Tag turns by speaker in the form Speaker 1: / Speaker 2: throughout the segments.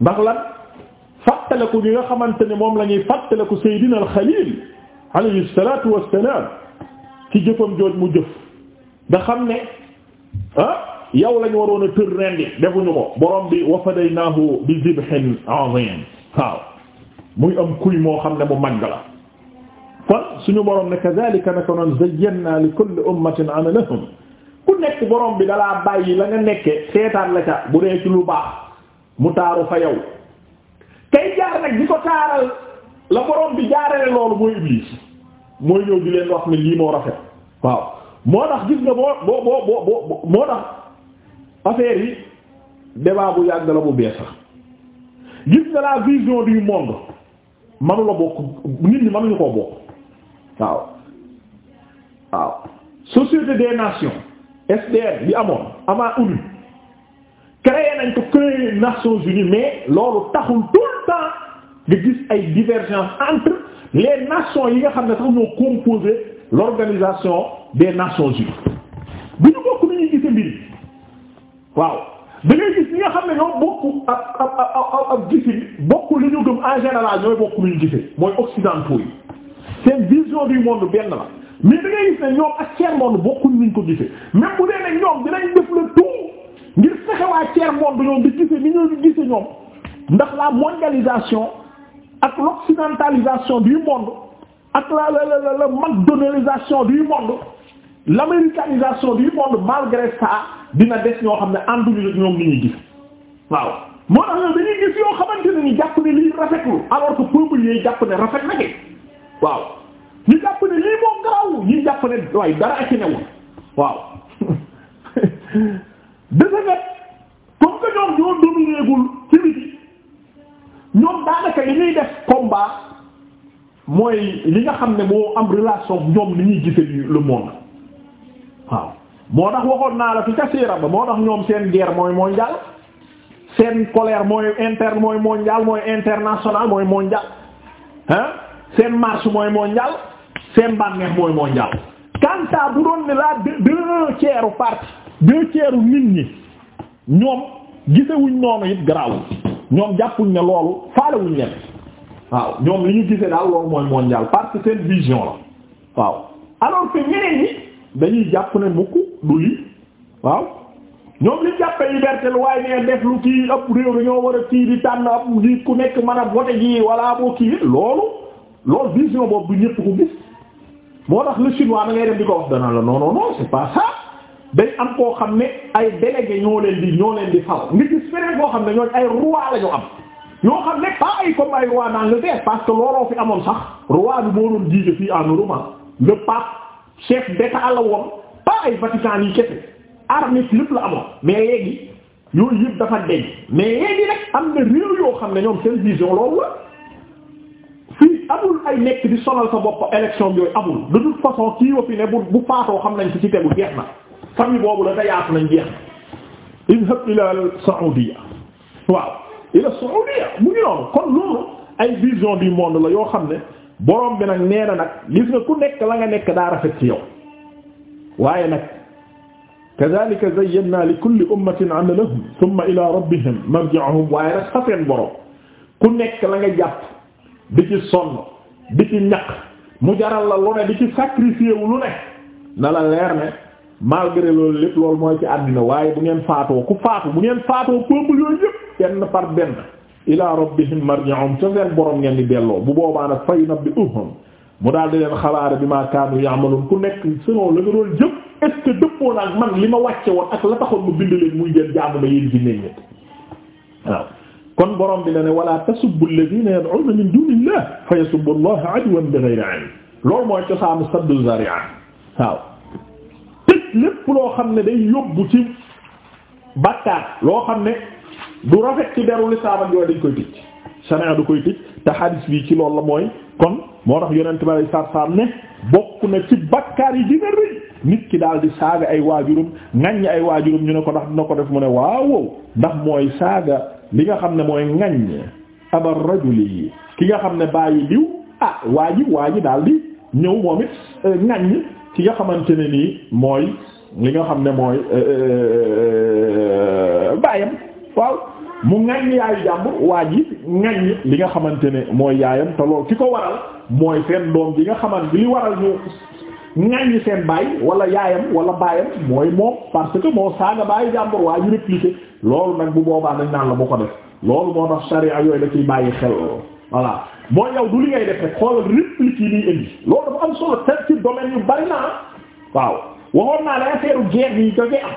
Speaker 1: ndax lan fàttaliku ñi nga xamante ne moom la ñuy fàttaliku Seydina al Xaliil alayhi salaatu wassalaam ci jëfam jooj mu jëf nga xam ne ah yow lañu waroon a tër rendi defuñu ko borom bi wa fadaynaahu bi zibhin azim muy am kuy moo xam ne mu màgg la kon suñu borom ne kadhalika naka noon zayyannaa li kulli ummatin ku nekk borom bi dalaa bàyyi la nga nekke seetaan la ca bu dee ci lu baax mu taaru fa yow kay jaar nag di ko taaral la borom bi jaarale loolu mooy iblis mooy ñëw di leen wax ne lii moo rafet waaw moo tax gis nga boo boo boo boo moo tax affaire yi débat bu yàgg la bu bees la gis nga la vision du monde manu bokk nit ñi manuñu koo bokk waaw waaw société des nations SDN bi amoon avant ONU créé nañ ko créé Nations Unies mais loolu taxul tout le temps ay divergences entre les nations yi nga xam ne sax ñoo composé l'organisation des Nations Unies bu ñu bokk ni ñuy gise mbir waaw da ngay gis ñi nga xam ne ñoo bokk ab gisi bokk li ñu gëm en général ñooy bokk ni ñu gise mooy occidentaux yi seen vision du monde benn la mais da gis ne ñoom ak seen monde bokkul ni ñu ko gise même bu dee ne ñoom dinañ def le tout ngir fexe waa tiers monde ñoom di gise ni ñoo gise ñoom ndax la mondialisation ak l'occidentalisation du monde ak la la la la macdonalisation du monde l'américanisation du monde malgré ça dina des ñoo xam ne ànduñu ñoom ni ñuy waaw moo tax ñoom dañuy gis yoo xamante ne ñu jàpp ne lii rafetlu alors que peuple yooyu jàpp ne rafet na kay waaw ñu jàpp ne lii moo garaw ñu jàpp ne waaye dara ak ci newul waaw de ce fait comme ñoom ñoo domineegul ci biti ñoom daanaka li ñuy def combat mooy li nga xam ne moo am relation ñoom li ñuy gise le monde waaw moo tax waxoon naa la fi ca siira ba moo tax ñoom seen guerre mooy mondial seen colère mooy inter mooy mondial mooy international mooy mondial hein seen marche mooy mondial seen bànneex mooy mondial quant à doon ne la deux tiers parti deux tiers nit ñi ñoom gisewuñ noonu it garaawul ñoom jàppuñ ne loolu faalewuñ leen waaw ñoom li ñu gisee daal loolu mooy mondial parce que seen vision la waaw alors que ñeneen ñi dañuy jàpp ne mukk du lii waaw ñoom li jàppee liberté lu waaye nee def lu kii ab réew dañoo war a kii di tànn ab ku nekk mën a vote ji walla boo loolu loolu vision boobu du ñëpp ko gis moo tax la chinois da ngay dem di ko wax dana la non non non c'est dañ am koo xam ne ay délégué ñoo leen di ñoo leen di fal nit gis feneen koo xam ne ñooñ ay roi la am ñoo xam ne pas ay comme ay roi d'Angleterre parce que looloo fi amoon sax roi bi moo doon jiite fii en Europe le pape chef d'état ay Vatican yi kese armée lépp la amoon mais léegi yooyu yëpp dafa deñ mais am na réew yoo xam ne ñoom seen vision loolu la fii amul ay nekk di sonal sa bopp élection yooyu amul de toute façon kii wa fi ne bu bu faatoo xam nañ ci ci tegu jeex na famille boobu dafa yaatu nañ jeex na idhab ila saudia waaw ila saudia mu ngi noonu la yoo xam ne borom bi nag nee na nag gis nga ku nekk la nga nekk daa rafet ci yow waaye nag kadhalika zayyana li kulli ummatin amalahum thumma ila rabbihim marji'uhum waaye nag safeen borom ku nekk la nga jàpp di ci sonn di ci ñaq mu jaral la lu ne di ci sacrifier wu lu na la leer ne malgré loolu lépp loolu mooy ci àddina waaye bu ngeen faatoo ku faatu bu ngeen faatoo peuple yooyu yëpp benn par benn ila rabbihim marji'um ca seen borom ngeen di delloo bu boobaa nag fay nabbi'uhum mu daal di leen xabaare bi ma ku nekk selon la nga doon jëf est-ce que ak man li ma wàcce woon ak la taxoon mu bind leen muy jël jaamu ma yéen jinne ñett waaw kon borom bi la ne wala tasubbu alladhina yad'una min dunillahi fa loolu mooy cosaanu saddu zari'a waaw lépp loo xam ne day yóbbu ci bàkkaar loo xam ne du rafet ci deru lislaam ak yooyu dañ koy tëj sharia du koy tëj te hadis bi ci loolu la mooy kon moo tax yonent bi alayhi salaatu ne bokk na ci bakkaar yi dina rëy nit ki daal di saaga ay waajurum ŋaññi ay waajurum ñu ne ko ndax ko def mu ne waawow ndax mooy saaga li nga xam ne mooy ŋaññi abar rajuli yi ki nga xam ne bàyyi liw ah waaji ji waa ji daal di ñëw moom it eh, ŋaññi ki nga xamante ne nii mooy li nga xam ne mooy euh, euh, euh, baayam waaw mu ŋaññi yaayu jàmbur waa ji yi li nga xamante ne mooy yaayam te lool ki ko waral mooy seen doom bi nga xamante li waral ñu ŋaññi seen baay wala yaayam wala baayam mooy moom parce que moo saaga baayu jàmbur waa ji répliqué loolu nag bu boobaa dañ naan la bu ko def loolu moo tax sariya yooyu la ciy bàyyi xel voilà. mooy yow du li ngay def rek xoolal réplique yi nii indi loolu dafa am solo te ci domaine yu bari naa waaw waxoon naa la affaire guerre yi da ngay am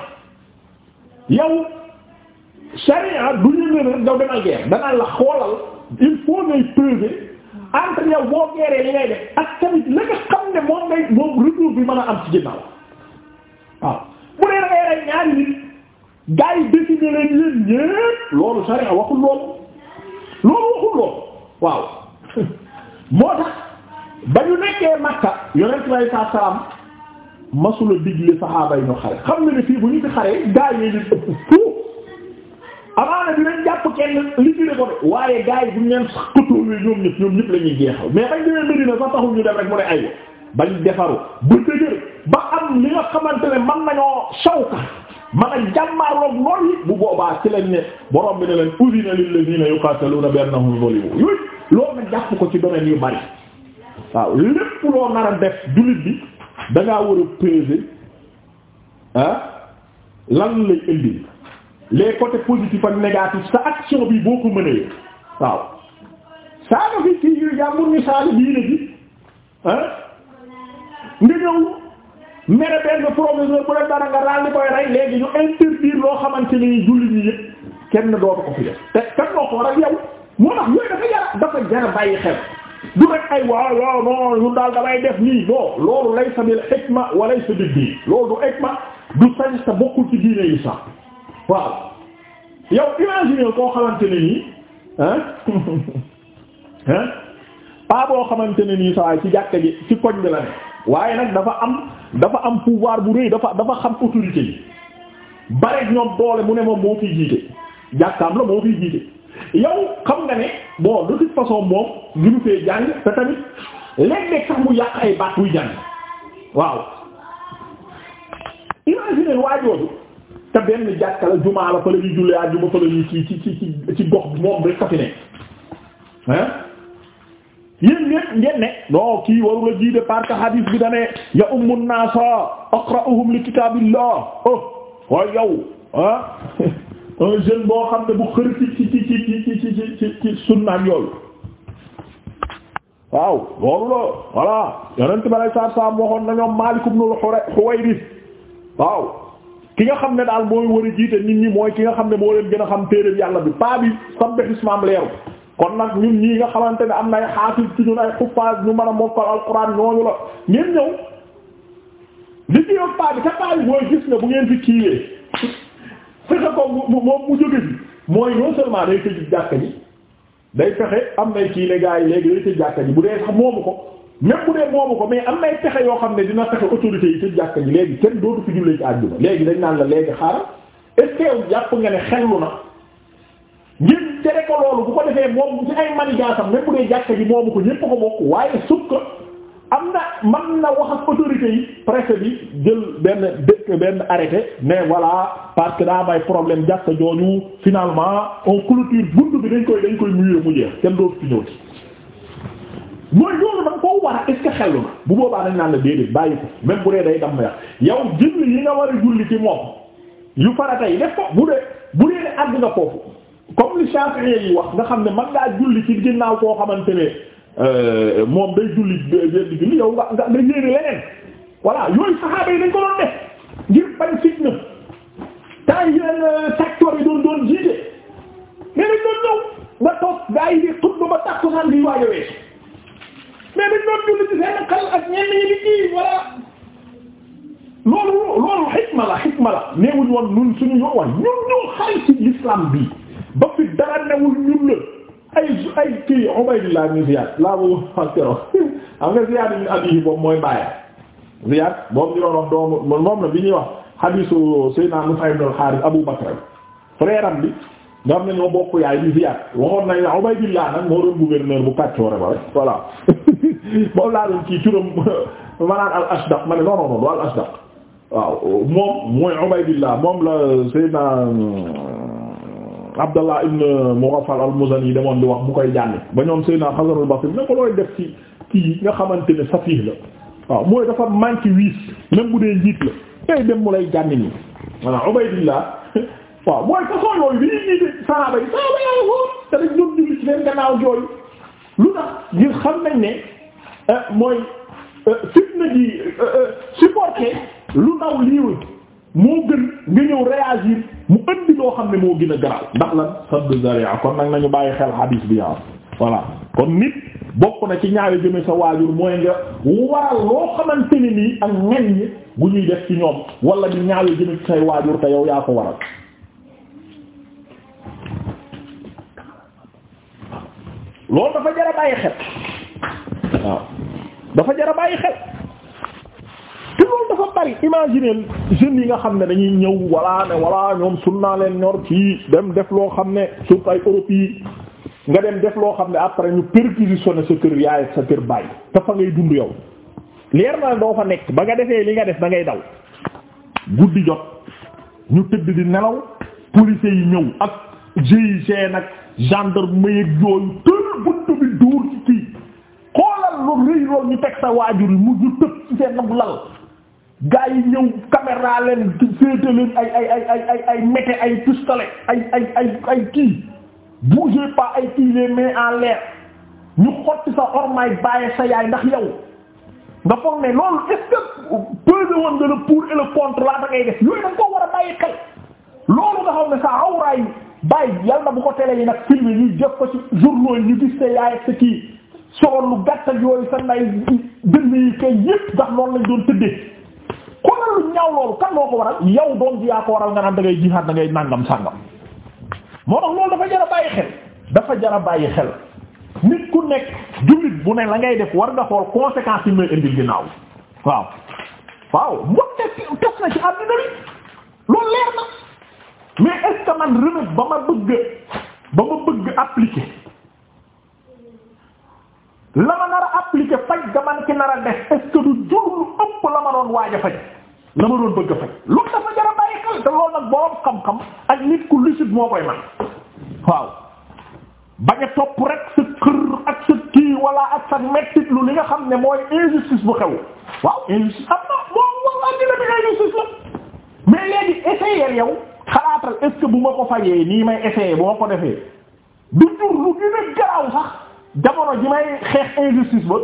Speaker 1: yow charia du boo guerree li ngay def ak tamit nga xam ne moom ngay moom retour bi mën a am ci ginnaaw waaw bu dee da ngay rey ñaari nit yi décider leen yéen ñépp loolu charia waxul loolu loolu waxul loolu waaw. moo tax ba ñu nekkee Makka yonent bi saa salaam masula digle saxaaba yi ñu xare xam na ne fii bu ñu fi xaree gaa yi ñu ëpp fuuf amaana dinañ jàpp kenn li ci ko de waaye gaa yi bu ñu leen xëtoolee ñoom ñëpp ñoom ñëpp la ñuy jeexal mais bañ demee Medina sax taxul ñu dem rek mu ne aywa bañ defaru ba dëgër ba am li nga xamante ne mën nañoo sawka man a jàmmaarloog lool bu boobaa ci lañ ne borom bi ne leen udina lillazina yuqataluna bi annahum zulimu loolu nag jàpp ko ci domaine yu bari waaw lépp loo nar a def jullit bi dangaa war a peser ah lan lay indi les côtés positifs ak négatifs sa action bi boo ko mënee waaw saaga fi ci yu jàmbur ñu saaga diine bi ah nga ñëw benn proviseur bu la dara nga daal di koy rey léegi ñu interdire loo xamante ni jullit ñi yëpp kenn dootu ko fi def te kenn doo ko war ak yow moo tax yooyu dafa jar dafa jar bàyyi xel du rek ay waaw waaw non ñun daal damay def nii non loolu laysa bil hikma wa laysa bid diin loolu du hikma du sañ sa bokkul ci diine yi sax waaw yow imagine koo xamante ne nii ah ah pas boo xamante ne nii saa ci jàkka ji ci koñ bi la ne waaye nag dafa am dafa am pouvoir bu rëy dafa dafa xam autorité yi bare ñoom doole mu ne moom moo fiy jiite jàkkaam la moo fiy jiite. yow xam nga ne bon de toute façon moom ginu jàng te tamit léeg-léeg sax mu yàq ay baat buy jàng waaw imagine waajooju te benn jàkka la jumaa la fa la ñuy jullee àjjuma fa la ñuy ci ci ci gox moom rek fa fi ne hein yéen ngeen ne non kii waru la jiite parce que hadith bi dane ya ummun naasa aqra'uhum li kitaabillah oh waaye yow ah un jeune boo xam ne bu xër ci ci ci ci ci ci ci ci ci sunnaam yooyu waaw loolu la voilà yonent ba lay saar saam waxoon na ñoom Maalik ibn al-Huwayrith waaw ki nga xam ne daal mooy war a jiite nit ñi mooy ki nga xam ne moo leen gën a xam téereeb yàlla bi paa bi sabbih ismaam leeru kon nag ñun ñii nga xamante ne am na ay xaafis ci ñun ay xuffaas ñu mën a mokkal alxuraan ñooñu la ngeen ñëw li ci yoon paa bi te paa bi mooy gis ne bu ngeen fi kiiwee fexe ko mu moom mu jóge fi mooy non seulement day tëj jàkka ji day fexe am nay kii ne gars yi léegi day tëj jàkka ji bu dee sax moomu ko même bu dee moomu ko mais am nay pexe yoo xam ne dina fexe autorité yi tëj jàkka ji léegi kenn dootu fi jullee ci àjjuma léegi dañ naan la léegi xaaral est ce que yow jàpp nga ne xellu na ngir tere ko loolu bu ko defee moom ci ay manigasam même bu dee jàkka ji moomu ko ñépp ko bokk waaye sukk am na man na wax ak autorité yi préfet bi jël benn dëkk benn arrêté mais voilà parce que daa may problème jàkka jooju finalement on clôture bunt bi dañ koy dañ koy muyee mu jeex kenn dootu fi ñëwti mooy a bu boobaa dañ naan la déedéet bàyyi ko même bu dee a ci moom yu farata yi def ko bu dee bu dee ne àgg foofu comme li Shafi'i yi wax nga xam ne man ngaa julli ci ginnaaw koo xamante ne Euh, moom day julli di julli yow nga nga nga yéene leneen yooyu saxaaba yi dañ ko doon def ngir bañ fitna euh, yi doon doon jiite mais dañ doon ñëw nga toog gaa di xutba ba tàkkusaan bi waaj a weesu doon julli ci seen xel ak ñenn ñi di kii voilà loolu loolu xikma la xikma la neewuñ woon ñun yoon wax ñun ñoo xarit ci l'islam bi ba fi dara newul ñun la. ay ay kii Ubaydillah ibn Ziyad laa bu wax keroog xam nga Ziyad ibn Abi boobu mooy bàyyi Ziyad boobu ñu doon doomu moom la bi ñuy wax hadisu Seydina Nufay ibn al Abu Bakr frère am bi nga xam ne ñoo bokk yaay bi Ziyad waxoon nañ la Ubaydillah nag moo doon bu Pàccoore ba rek voilà moom laa doon kii turam maanaam al-Ashdaq ma ne non non non du al-Ashdaq waaw moom mooy Ubaydillah moom la Seydina Abdallah ibn Mughaffal al yi demoon di wax mu koy jànni ba ñoom Seydina Hasan al-Basri ne ko looy def ci kii nga xamante ne safih la waaw mooy dafa manque wiis même bu dee njiit la tay dem mu lay jànni nii voilà Ubaydillah waaw mooy façon yooyu bi ñuy jiite sahaaba yi sahaaba yaa xool te dañ doon julli ci leen gannaaw jooyu lu tax ngir xam nañ ne euh, mooy euh, fitna ji euh, supporté lu ndaw liiwul moo gën nga ñëw réagir mu andi loo xam ne moo gën a garaaw ndax lan sadd zaria kon nag nañu bàyyi xel hadis bi yaa ah. voilà kon nit bokk na ci ñaawe jëme sa waajur mooy nga waral loo xamante ni ak ŋaññ gu ñuy def ci ñoom wala ñu ñaawe jëme ci say waajur te yow yaa ko waral loolu dafa jar bàyyi xel waaw dafa jar bàyyi xel te loolu dafa bari imaginer jeunes yi nga xam ne dañuy ñëw walla ne walla ñoom sunnaa leen ñor ci dem def loo xam ne surtout ay Europe yi nga dem def loo xam ne après ñu perquisitionné sa kër yaay sa kër bàyyi te fa ngay dund yow leer na doo fa nekk ba nga defee li nga def da ngay daw guddi jot ñu tëdd di nelaw policiers yi ñëw ak GIGN nag gendarmerie ak yooyu tëral bunt bi duur ci kii xoolal lu rëy lool ñu teg sa waajur yi mu tëb ci seen nag lal gaa yi ñëw caméra leen féete leen ay ay ay ay ay ay mété ay ay ay kii bougez pas ay kii les mains en l'air ñu xotti sa ormay bàyyi sa yaay ndax yow nga foog ne loolu est-ce que pesé woon pour et laa da ngay def yooyu da koo war a bàyyi xel loolu nga xam ne sa awraay bàyyi yàlla na bu ko télé yi nag film yi ñuy jëf ko ci journaux yi gis sa yaay sa kii soroon lu gàttal yooyu sa nday dënn yi kay yëpp ndax loolu lañ doon tëddee xoolal lu ñaaw loolu kan loo ko waral yow doom ji yaa ko waral nga naan da ngay jihaad da ngay nangam sàngam moo tax loolu dafa jar bàyyi xel dafa jar a bàyyi xel nit ku nekk jullit bu ne la ngay def war nga xool conséquences yi muy indil ginnaaw waaw waaw loolu leer na mais est-ce ba ma bëgg ba ma bëgg appliquer la ma nar a faj ga ci nar a def est-ce que du jur lu ëpp la ma doon waaj faj la ma doon bëgg faj loolu dafa jar bàyyi xel te loolu nag borom xam-xam ak nit ku lucide moo koy man waaw bañ topp rek sa kër ak sa kii wala ak sa mettit li nga xam ne mooy injustice bu xew waaw injustice am na moom wala dina bi injustice la mais léegi essayer yow xalaatal est bu ma ko fajee nii may essayer bu ma ko defee du jur lu gën garaaw sax jamono ji may xeex injustice ba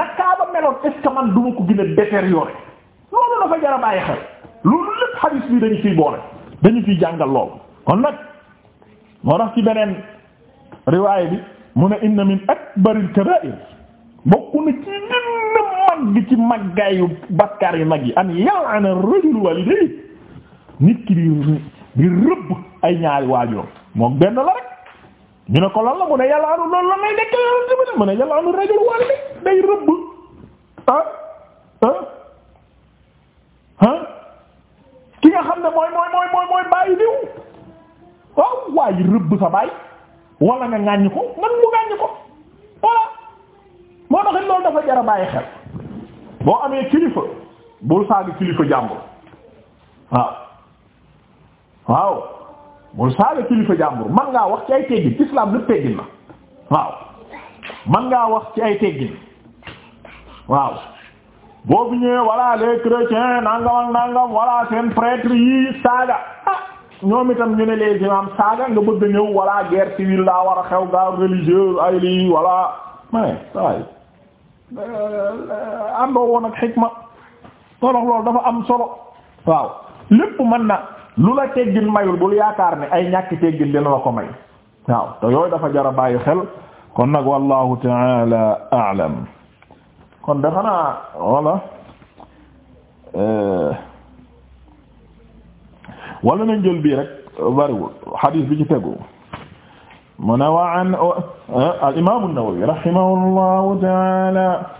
Speaker 1: nakaa ba meloon est man duma ko gën a détériorer loolu dafa jar a bàyyi xel loolu lépp hadis bi dañu fiy boole dañu fiy jàngal loolu kon nag moo tax ci beneen riwaay bi mu ne inna min akbaril kaba'ir bokk na ci gën a mag ci maggaayu bakkaar yu mag yi an yal'ana ar-rajulu walidayhi nit ki di rëbb ay ñaari waajuram moom benn la rek ñu ne ko lan la mu ne yalaanu loolu la may nekk yonent bi ne mu day rëbb ah, ah ah ki nga xam ne mooy mooy mooy mooy bàyyi diw waaw waaye rëbb sa bàyyi wala nga ŋàññ ko man mu ŋàññ ko voilà moo taxit loolu dafa jar a bàyyi xel boo amee kilifa bul saaga kilifa jàmbur waaw waaw mooy saaga kilifa jàmbur man ngaa wax ci ay teggin islam lépp teggin la waaw man ngaa wax ci ay teggin waaw boobu ñëwee voilà les chrétiens nangam ak nangam voilà saaga ah ñoom itam ñu ne les imams saaga nga bëgg a ñëw guerre civile laa war a xew gaa religieux ay lii voilà ma ne waaye euh, àndoo woon ak dafa am solo waaw lépp mën na lu la teggin mayul bul yaakaar ne ay ñàkk teggin na la ko may waaw te dafa jara bàyyi xel kon nag wallahu taala aalam kon dafa naa walla euh, wala nañ bii rek bariwul xadiis bi ci tegu mu ne wa an euh, al imaamu Nawawi rahimahullahu taala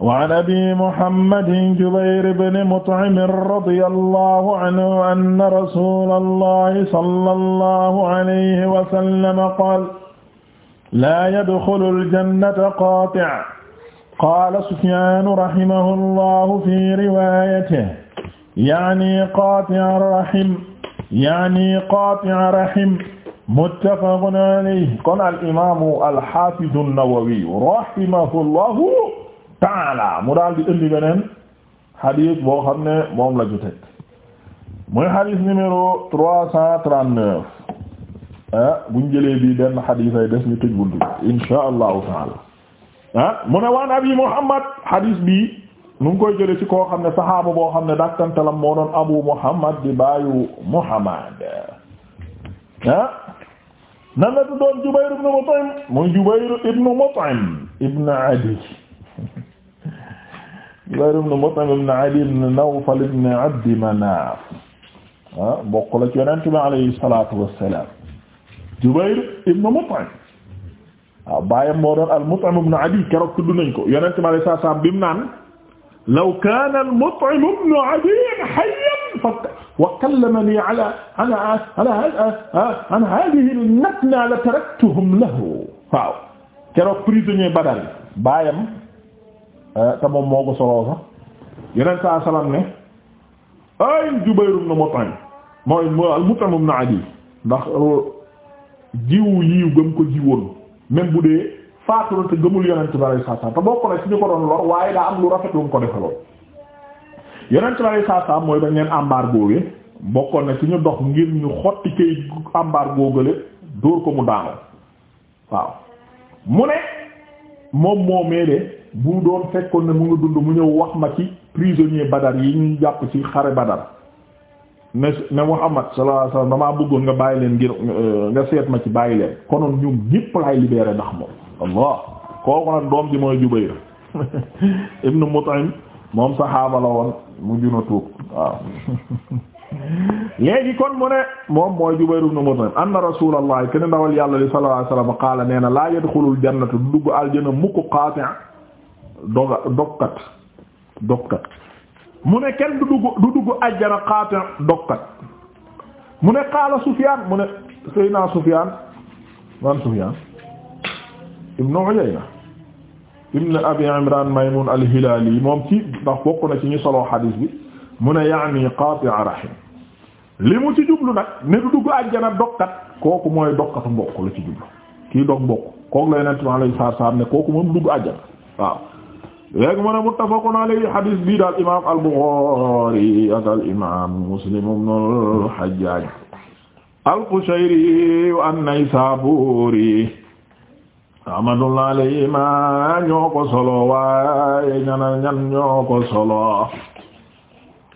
Speaker 1: waan abi muhammadin jubayr ibn mut'im radiyallahu anhu anna rasulallahi sallallahu alayhi wa sallam qaala laa yadxulul jannata qaati' qaala sufyaan rahimahullahu fi riwaayatihi ya'ni qaati'a rahim ya'ni qaati'a rahim muttafaqun alayhi qaala al-imaamu al-haafidu an-nawawi rahimahullahu taala mu daal di indi beneen hadith boo xam ne moom la ju muy hadith numéro trois cent trente-neuf ah, buñ jëlee bii benn hadith ay des ñu tëj buntu insha allahu taala ah, mu ne waan abi muhammad hadith bi mu ngi koy jëlee ci koo xam ne saxaaba boo xam ne daktantalam moo doon abu muhammad di baayu muhammad ah nan la tuddoon jubayr ibn mut'im muy jubayr ibn mut'im ibn adi Zubayr ibn Mut'im ibn Adiy ibn Nawfal ibn Abdi Manaaf ah bokk la ci Yonent bi alayhi salaatu wa salaam Zubayr ibn Mut'im waaw baayam moo doon al-Mut'im ibn Adiy keroog tudd nañ ko Yonent bi alayhi salaatu wa salaam bi mu naan law kaana al-Mut'im ibn Adiy hayyan wa kallamanii alaa alaa alaa an haadihi al-natnaa la taraktuhum lahu waaw keroog prisonnier Badar baayam Eh, te moom moo ko soloo sax yeneen saa salaam ne ay Jubayr ibn Mut'im mooy Mut'im ibn Adi ndax uh, jiwu yiw gëm ko jiwoon même bu dee faatu na te gëmul yonent bi alayhi salaam te bokk na ci ñu ko doon lor waaye daa am lu rafet lu mu ko defaloon yonent bi alayhi salaam mooy dañ leen embargo bi bokkoon na ci ñu dox ngir ñu xotti kay embargo gële dóor ko mu daanoo waaw mu ne moom moo mee de bu doom fekkoon ne mu ngi dund mu ñëw wax ma ci prisonnier Badar yi ñu jàpp ci xare Badar ne ne Muhammad sallallahu alayhi wasallam damaa bëggoon nga bàyyi leen ngir euh, nga seet ma ci bàyyi leen konoon ñoom ñépp ndax moom nag doom ji mooy Jubayr ibnu Mut'im moom saxaaba la woon mu juna tuub waaw léegi kon mu ne moom mooy Jubayr ibn Mut'im anna Rasulullah kenn ndawal yàlla li sallallahu alayhi wasallam qaala nee na laa yadxulul jannata du dugg aljana mukk qaati' doga dogkat dogkat mu ne kenn du dugg du dugg ajjana xaata dogkat mu ne qaala Sufyaan mu ne Seydina Sufyaan man Sufyaan ibnu Abi Imraan al-Hilaali moom ci ndax bokk na ci ñu soloo xadiis bi mu ne yaani qaati'a rahim li mu ci jublu nag ne du dugg ajjana dogkat kooku mooy dogkatu mbokk la ci jublu kii dog mbokk kooku la Yonent bi alayhi ne kooku moom dugg ajjana waaw léegi mu ne muttafaqun alayhi hadis bii daal imaam al-Bukhari ak al imaam Muslim ibn al-Hajjaj al-Qushayri wa an-Naysaburi rahmatullahi alayhima ñoo ko solo waaye ñana ñan ñoo ko solo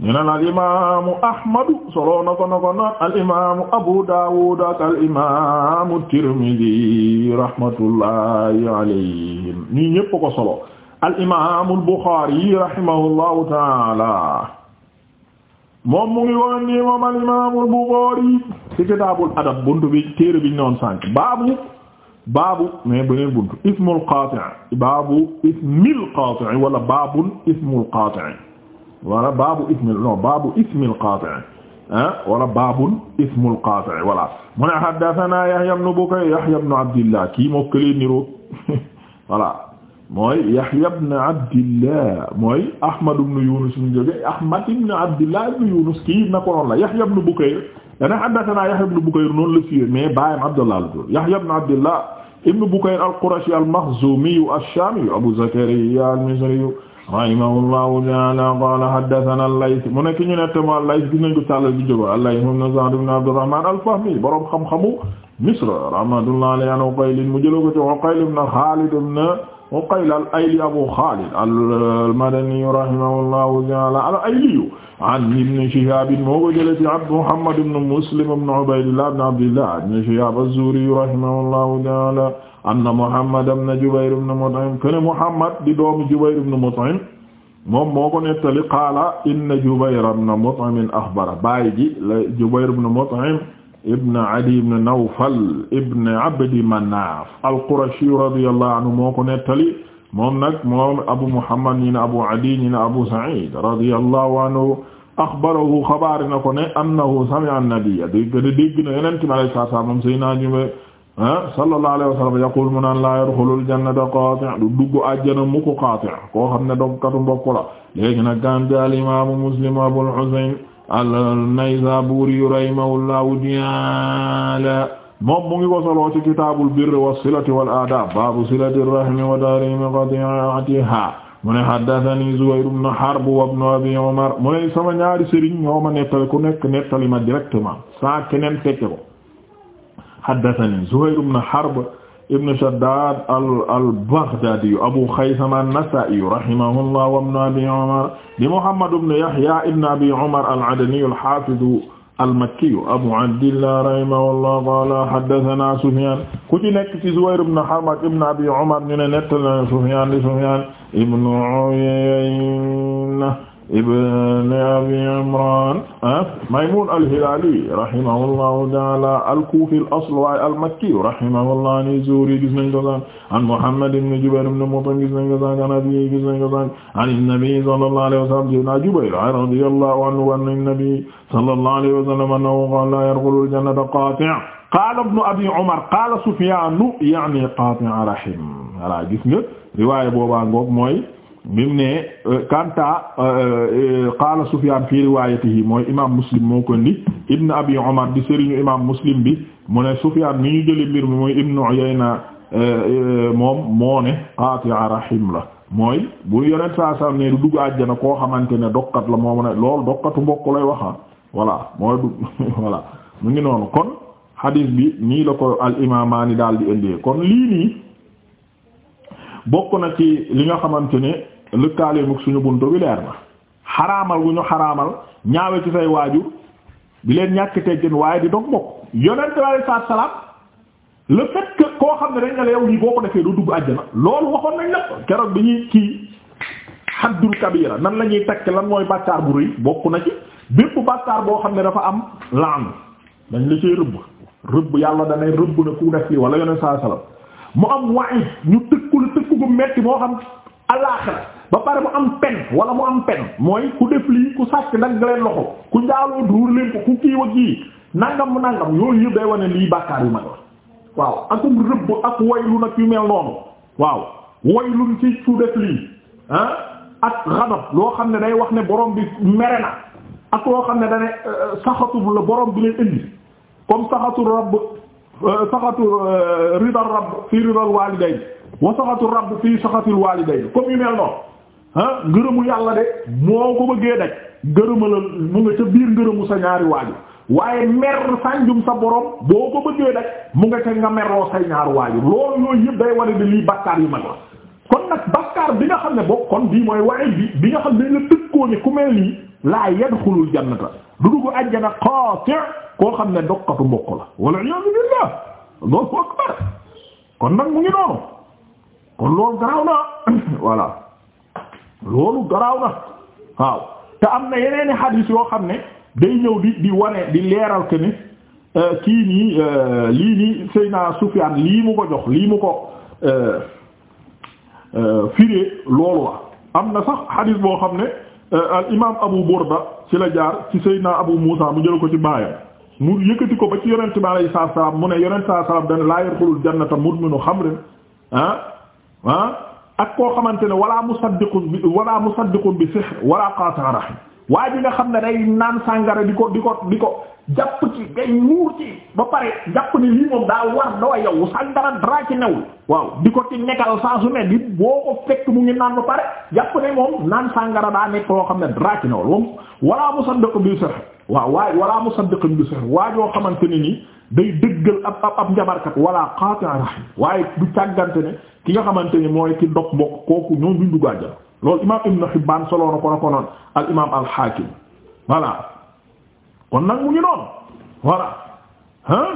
Speaker 1: ñu naan al imaamu Ahmadu solo na ko na ko noon al imaamu Abu Dawud ak al imaamu Tirmidhi rahmatullahi alayhim ñii ñépp ko solo. al imaamul Buxaari rahimahullahu taala moom mu ngi woon nii moom al imaamul Buxaari ci kitaabul adab buntu bi téere bi ñu noon sànq baabu baabu mais beneen buntu ismul qaati' baabu ismil qaati' wala baabun ismul qaati' wala baabu ismil non baabu ismil qaati' ah wala baabun ismul qaati' voilà mu ne haddasanaa Yahya ibn Bukayr Yahya ibn Abdillah kii moo këlee niroo voilà. mooy Yahya ibn Abdillah mooy Ahmad ibn Yunus ibn jóge Ahmad ibn Abdillah ibn Yunus kii na ko noonu la Yahya ibn Bukayr dana haddathana Yahya ibn Bukayr noonu la fiye mais baayam Abdullah la tudd Yahya ibn Abdillah ibn Bukayr al-Qurashi al-Makhzumi ash-Shami Abu Zakariya al-Misri rahimahullahu ta'ala qala haddathana al-Layth mu nekk ñu nette mo al-Layth gis nañ ko sàll bi jógo al-Layth moom na Sa'd ibn Abdurrahman al-Fahmi boroom xam-xamu Misr rahmatullahi alayhi an Uqayl mu jëloo ko ci Uqayl ibn Khalid ibn Uqayl al-Ayli Abu Khalid al-Madani rahimahullahu ta'ala al-Ayli an Ibn Shihab moo ko jëlee ci Abd Muhammad ibn Muslim ibn Ubaydillah ibn Abdillah ibn Shihab az-Zuhri rahimahullahu ta'ala anna Muhammad ibn Jubayr ibn Mut'im kana Muhammad di doomu Jubayr ibn Mut'im moom moo ko nettali qaala inna Jubayr ibn Mut'im akhbara baay ji la Jubayr ibn Mut'im ibn Adi ibn Nawfal ibn Abdi Manaf al-Qurashi radiyallahu anhu moo ko nettali moom nag moom Abu Muhammad ñi ne Abu Adi ñi ne Abu Sa'id radiyallahu anhu axbarahu xabaar na ko ne annahu sami'a an-nabiyya dégg na dégg na Yonent bi alayhi salaatu wa salaam Seydina Jibril sallallahu alayhi wa sallam yaqul mu naan laa yadxulul jannata qaati' du dugg àjjana mu ko qaati' koo xam ne dogkatu mbokk la léegi nag daan daal Imaamu Muslim Abul Husayn an-Naysaburi rahimahullahu ta'ala moom mu ngi ko solo ci kitaabul birri was-silati wal aadaab baabu silati rahmi wa tahrimi qati'atiha mu ne haddathani Zuhayr ibn Harb wa ibn Abi Umar mu ne sama ñaari sëriñ ñoo ma nettali ku nekk nettali ma directement sans keneen fekke ko haddathani Zuhayr ibn Harb ibn Shaddad al al-Baghdadi Abu Khaysama an-Nasa'i rahimahullah wa ibn Abi Umar di Muhammad ibn Yahya ibn Abi Umar al-Adani al-Hafiz al-Makki Abu Abdillah rahimahullah qala haddathana Sufyan ku ci nekk ci Zuhayr ibn Harb ibn Abi Umar ñu ne nettali Sufyan di Sufyan ibn Uyayna ibn abi imran ah, maymun al-hilali rahimahullahu taala al-kufi al-asl wa al-makki rahimahullah an zuhri gis nañ ko san an muhammad ibn jubair ibn mut'im gis nañ ko san an abi gis nañ ko san an nabi sallallahu alayhi wa sallam jina jubair radiyallahu anhu wa an nabi sallallahu alayhi wa sallam annahu qala la yadkhulu al-jannata qati' qala ibn abi umar qala sufyan ya'ni qati' rahim ala gis nga riwaaya booba ngoog mooy bi mu ne euh, Kanta euh, euh, qaala Sufyaan fi riwaayatihi mooy imaam Muslim moo ko indi Ibn Abi Umar di sëriñu imaam Muslim bi mu ne Sufyaan mi ñu jëlee mbir mi mooy Ibn Uyayna moom moo ne qaati'a rahim la mooy bu yonent saa saa ne du dugg àjjana koo xamante ne dokkat la moo ne loolu dokkatu mbokk lay waxa ah. voilà mooy du voilà mu ngi noonu kon hadith bi nii la ko al imaamaani daal di indee kon lii nii bokk na ci li nga xamante ne. lëkkaaleem ak suñu buntu bi leer na xaraamal gu ñu xaraamal ñaawe ci say waajur di leen ñàkk teggin waaye di dog bokk yonent bi alayhi salaatu salaam le koo xam ne dañ ne la boo ko defee doo dugg àjjana loolu waxoon nañ la keroog ñuy kii haddul kabira nan la ñuy takk lan mooy bàkkaar bu rëy bokk na ci bépp bàkkaar boo xam ne dafa am laanu dañ la cee rëbb rëbb yàlla danay rëbb na ku def lii wala yonent saa salaam mu am waay ñu tëkku la tëkku metti moo xam alaaxira ba pare mu am pen wala mu am pen mooy ku def lii ku sàcc nag leen loxo ku njaaloo duur leen ko ku kii wa kii nangam mu nangam yooyu yëpp day wane lii bàkkaar yu mag waaw akum rëbb ak waylu nag yu mel noonu waaw waylun ci su def lii ah ak xadab loo xam ne day wax ne borom bi mere na ak loo xam ne dane euh, saxatu la borom bi leen indi comme saxatu rabb euh, saxatu euh, ridal rabb fii ridal walidayn wa saxatu rabb fii saxatil wa comme yu mel noonu ah ngërëmu yàlla de moo ko bëggee daj ngërëma la mu nga ca biir ngërëmu sa ñaari waajur waaye mer sànjum sa borom boo ko bëggee daj mu nga ca nga meroo say ñaari waajur loolu yooyu yëpp day wara di lii bàkkaar yu mag la kon nag bàkkaar bi nga xam ne bokk kon bii mooy waaye bi bi nga xam ne la tëkkoo ni ku mel nii laa yadxulul jannata du dugg àjjana koo xam ne dokkatu mbokk la wala iyaazu billaah loolu akbar kon nag mu ngi noonu kon loolu garaaw loolu garaaw na waaw te am na yeneen i xadiis yoo xam ne day ñëw di di wane di leeral que euh, kii nii euh, lii nii Seyna Sufyaan lii mu ko jox lii mu ko euh, firé loolu wa am na sax xadiis boo xam ne al imaam Abu Burda ci la jaar ci Seyna Abu Muusa mu jël ko ci baayam mu yëkkati ko ba ci yonent bi alayhi salaam mu ne yonent saa salaam dana laa yarxulul jannata mudminu xam ah ah ak koo xamante ne wala musaddiqun bi wala musaddiqun bi sihr wala qati'a rahim waa ji nga xam ne day naan sàngara di ko di ko di ko jàpp ci day muur ci ba pare jàpp ni lii moom daa war dawa yow sàngara dara ci newul waaw di ko ci nekkal saa su ne di boo ko fekk mu ngi naan ba pare jàpp ne moom naan sàngara daa nekk loo xam ne dara ci newul moom wala musaddiqun bi sihr waaw waaye wala musaddiqan bi sihr waa joo xamante ne nii day dëggal ab ab ab njabarkat wala qaati' rahim waaye du càggante ne ki nga xamante ne mooy ki dog mbokk kooku ñoom duñ dugg àjjana loolu imaam Ibn Hibbaan solo na ko na ko noon al imaam al Haakim voilà kon nag mu ngi noonu voilà ah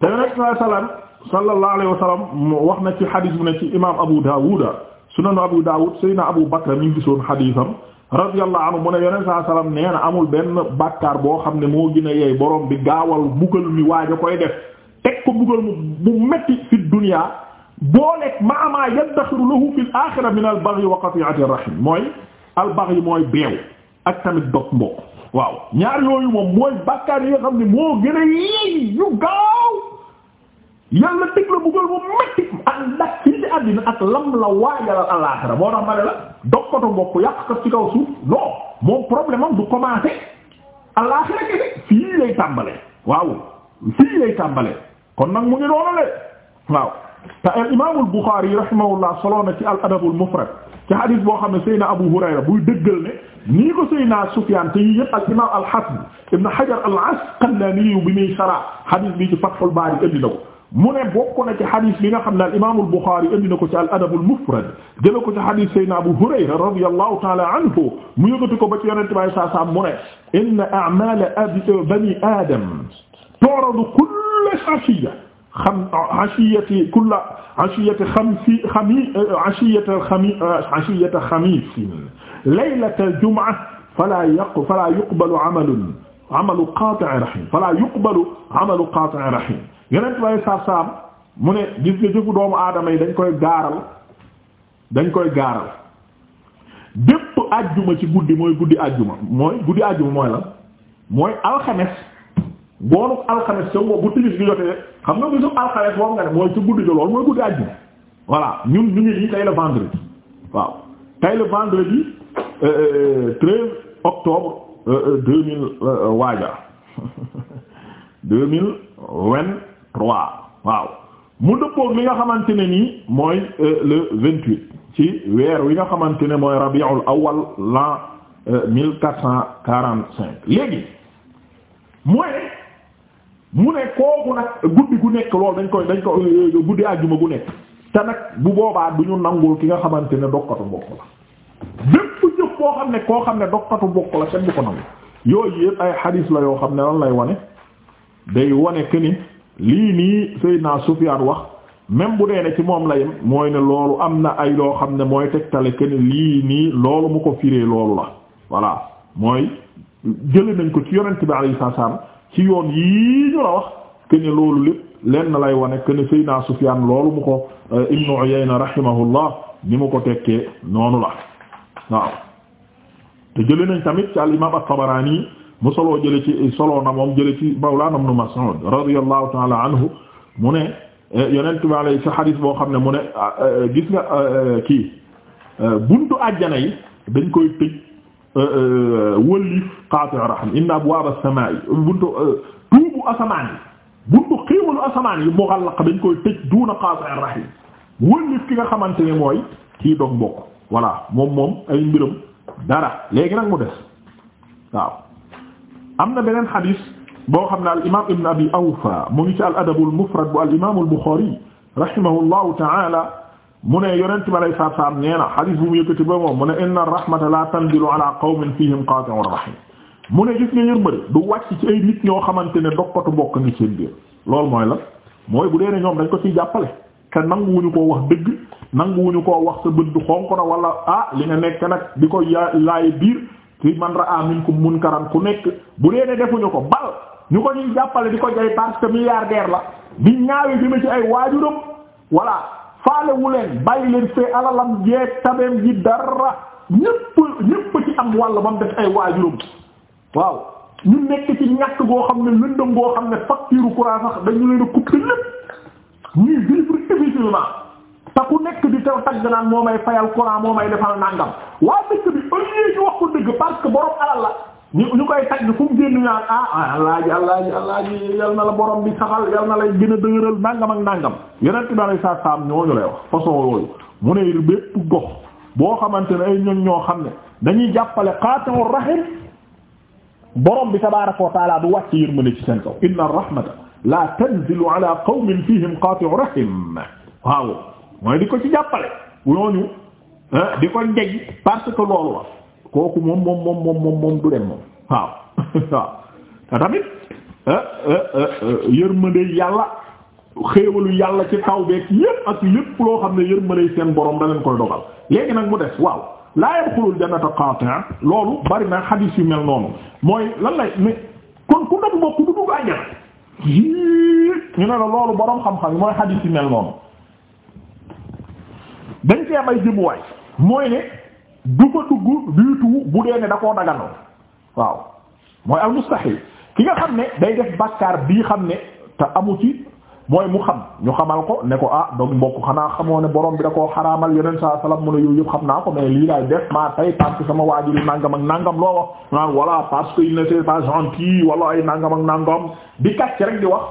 Speaker 1: te Yonent bi salaam sallallahu alayhi wa sallam wax na ci xadiis bu ne ci imaam Abu Daawuda sunan Abu Daawud Seydina Abu Bakr mi gisoon xadiisam radiyallahu anhu mu ne yonent saa salaam nee na amul benn boo xam ne moo gën a yey borom bi gaawal mbugal mi waaj a koy def teg ko mbugal mu bu metti fi dunya booleeg maamaa yaddaxiru lahu fil aaxira min al baghi wa qati'ati rahim mooy al baghi mooy beew ak tamit dog mbokk waaw ñaar yooyu moom mooy bàkkaar yi nga xam ne moo a gaaw. yàlla teg la buggal bu metti ànd ak fii ci àddina ak lam la waajalal àllaaxira boo tax ma ne la dokkatu bopp yàq ko ci kaw suuf non moom problème am du commencer àllaaxira kese fii lay tàmbale waaw fii lay tàmbale kon nag mu ngi noonu le waaw te al imaamul Buxaari rahimahullah solo na ci al adabul mufrad ci hadith boo xam ne Seydina Abu Hurayra buy dëggal ko Seydina Sufyaan te yëpp al imaam al Hasan ibn Hajar al Asqalaani bi muy sara hadith bi ci Fathul Baari indi na mu ne bokk na ci xadis bi nga xam ne al imaamul Buxaari indi na ko ci al adabul mufrad jëla ko ci xadis Seydina Abu Hurayra radiyallahu taala anhu mu yëgatu ko ba ci yonente bi saa saa mu ne inna a'maala abi bani aadam tu'radu kulla ashiya xam ashiyati kulla ashiyati xamsi xami ashiyati xami ashiyati xamiisin laylatal jumu'a falaa yaq falaa yuqbalu amalun amalu qaati'i rahiim falaa yuqbalu amalu qaati'i rahiim yonent way saab-saab mu ne gis nga jëfu doomu aadama yi dañ koy gaaral dañ koy gaaral bépp àjjuma ci guddi mooy guddi àjjuma mooy guddi àjjuma mooy la mooy alxames ngoonu alxames sa bu timis gi jotee xam nga gisu alxames boobu nga ne mooy ci guddi jolool mooy guddi àjjuma voilà ñun ñu ngi nii tey la vendredi waaw tey la vendredi 13 euh, euh, octobre 2000 euh, waaja 2020 trois waaw mu dëppoog li nga xamante ne nii mooy euh, le vingt-huit ci weer wi nga xamante ne mooy rabiul awal l'an euh, mille quatre cent quarante-cinq léegi mooy mu ne kooku nag guddi gu nekk loolu dañ koy dañ ko euh, guddi àjjuma gu nekk te nag bu boobaa du ñu nangul ki nga xamante ne dokkatu mbokk la bépp jëf koo xam ne koo xam ne dokkatu mbokk la kenn du ko nangu yooyu yëpp ay xadiis la yoo xam ne lan lay wane day wane que lii nii Seydina Sufyaan wax même bu dee ne ci moom la mooy ne loolu am na ay loo xam ne mooy tegtale que ne lii nii loolu mu ko firee loolu la voilà mooy jële nañ ko ci yonent bi alayhi salaam ci yoon yii ñu la wax que loolu lépp lenn lay wane que ne Seydina Sufyaan loolu mu ko euh, Ibnu Uyayna rahimahullah ni mu ko tekkee noonu la waaw te jële nañ tamit ci al imaam at mu soloo jële ci soloo na moom jële ci mawlana ibn Mas'ud radiyallahu ta'ala anhu mu ne eh, yonent bi ci sa xadis boo xam ne mu ne ah, eh, gis nga eh, kii buntu àjjana yi dañ koy tëj wëlli qaati' rahim inna abwaab as-samaa'i buntu tuubu asamaan yi buntu xiiwalu asamaan yi mughallaq dañ koy tëj duuna qaati' rahim wëlli ki nga xamante ne mooy kii dog mbokk voilà moom moom ay mbiram dara léegi nag mu des waaw am na beneen xadis boo xam ne al imaam Ibn Abi Awfa mu ngi ci al adabul mufrad bu al ta'ala mu ne yonent bi alayhi salaatu salaam nee na xadis bu mu yëkkati ba moom mu la tanzilu ala qawmin fihim qaati'ur rahim mu ne gis nga du wàcc ci ay nit xamante ne dokkatu bokk ngi seen biir loolu mooy la mooy bu dee ne ñoom dañ ko ciy jàppale te wu koo wax dëgg nanguwuñu koo wax sa bët du xonq na wala ah li nga nekk nag di ko yaay biir. ci man ra'a minkum munkaran ku nekk bu dee ne defuñu ko bal ñu ko ñuy jàppale di ko jay parce que milliardaire la di ñaawe dima ci ay waajuram voilà faalewu leen bàyyi leen fee alalam jeeg tabeem ji dara ñépp ñépp ci am wàll ba mu def ay waajuram waaw ñu nekk ci ñàkk goo xam ne lëndëm goo xam ne facture courant sax dañu leen a coupé lépp ñuy vivre difficilement te ku nekk di taw tagg naan moo may fayal courant moo may defal nangam waa dëkk bi au lieu ñu wax ko dëgg parce borom alal la ñu ñu koy tagg fu mu génn ñaan ah, ah yal na borom bi saxal yal na lay gën a dëgëral nangam ak nangam yeneen i daal saa saam ñooñu lay wax façon yooyu mu ne bépp gox boo xamante ne ay ñoñ ñoo xam ne dañuy jàppale qaati'u rahim borom bi tabaaraka wa taala du wàcc yërmande ci seen kaw. inna rahmata la tanzilu ala qawmin fihim qaati'u mooy di ko ci jàppale ñooñu ah, di ko njëg parce que loolu la kooku moom moom moom moom moom moom du dem moom waaw waaw tamit ah, ah, yërmande yàlla xéewalu yàlla ci kaw beeg yépp ak lépp loo xam ne yërmande seen borom da leen koy dogal léegi nag mu des waaw laa yadxulul jannata qaatin loolu bari na xadiis yu mel noonu mooy lan lay mais kon ku dab mbokk du dugg àjjana ñu ne la loolu borom xam-xam yi mooy xadiis yu mel noonu. dañ ci am ay jëmuwaay mooy ne du fa dugg du bu dee ne da koo daganoo waaw mooy al mustahil ki nga xam ne day def bàkkaar bii xam ne te amu ci mooy mu xam ñu xamal ko ne ko ah donc mbokk xanaa xamoo ne borom bi da koo xaraamal yeneen sa salaam mu a yooyu yëpp xam naa ko mais lii laay def maa tey parce sama waajur yi ak nangam loo wax naan voilà parce que il n'était pas gentil wala ay nangam ak nangam di kàcc rek di wax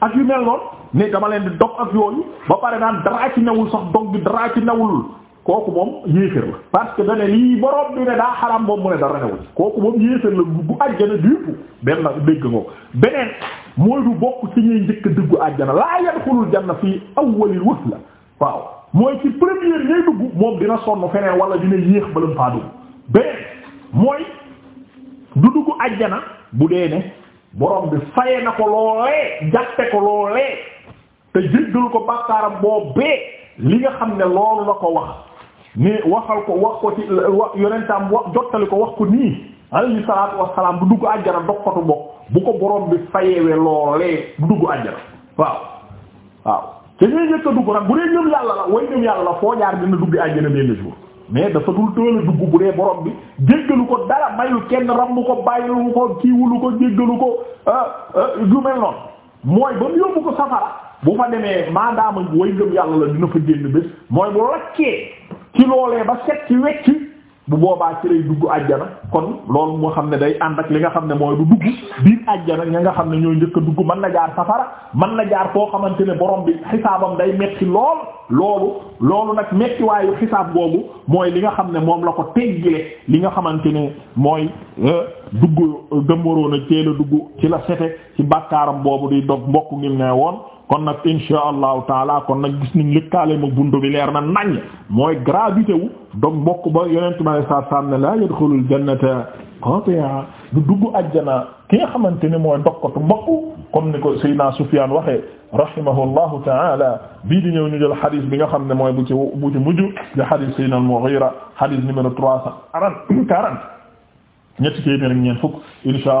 Speaker 1: ak yu mel noonu ne dama leen di dog ak yooyu ba pare naan daraa ci newul sax dog bi daraa ci newul kooku moom yéefér la parce que dane lii borom bi ne daa xaram moom mu ne dara newul kooku moom yéefér la bu àjjana dupu benn dégg nga beneen mooy du bokk ci ñuy njëkk fii awwalil wahla waaw mooy ci première ñay dugg moom dina sonn feneen wala dina yéex balam faa dugg beneen mooy du dugg àjjana bu dee ne borom bi faye na ko loolee jàppe ko loolee te jéggal ko bàkkaaram boo bee li nga xam ne loolu la ko wax ni waxal ko wax ko ci yonentam wax jottali ko wax ko nii alayhi salaatu wassalaam du dugg àjjana dokkatu bokk bu ko borom bi fayewe loolee du dugg àjjana waaw waaw te ñuy njëkk a dugg nag bu dee ñëm yàlla la way ñëm yàlla la foo jaar dina dugg àjjana benn jour mais dafa dul teel a bu dee borom bi jéggalu ko dara mayu kenn rambu ko bàyyilu ko kiiwulu ko jéggalu ko ah ah yu mel noonu mooy ba mu yóbbu bu ma demee maadaama way ngëm yàlla la dina fa génn bés mooy bu lakkee ci loolee ba set ci wecc bu boobaa ci lay dugg àjjana kon loolu moo xam ne day ànd ak li nga xam ne mooy du dugg biir àjjana ña nga xam ne ñoo njëkk a dugg man na jaar safara man na jaar foo xamante ne borom bi xisaabam day metti lool loolu loolu nag mettiwaayu xisaab googu mooy li nga xam ne moom la ko teggile li nga xamante ne mooy euh, dugg gëm waroon a teel a dugg ci la sete ci bàkkaaram boobu di dog mbokk ngim woon kon nag insha allahu taala kon nag gis niñ lëkkaale ma buntu bi leer na nañ mooy gravité wu dog bokk ba yonent bi alei saatu salaam ne la yadxulul jannata qati'a du dugg ajjana ki nga xamante ne mooy dokkatu mbokk comme ni ko Seydina Sufyaan waxee rahimahullahu taala bii di ñëw ñu jël xadis bi nga xam ne mooy bu ci bu ci mujj di xadis Seydina al-Mughira xadis numéro trois cent quarante quarante ñetti téeméer ak ñeent fukk insha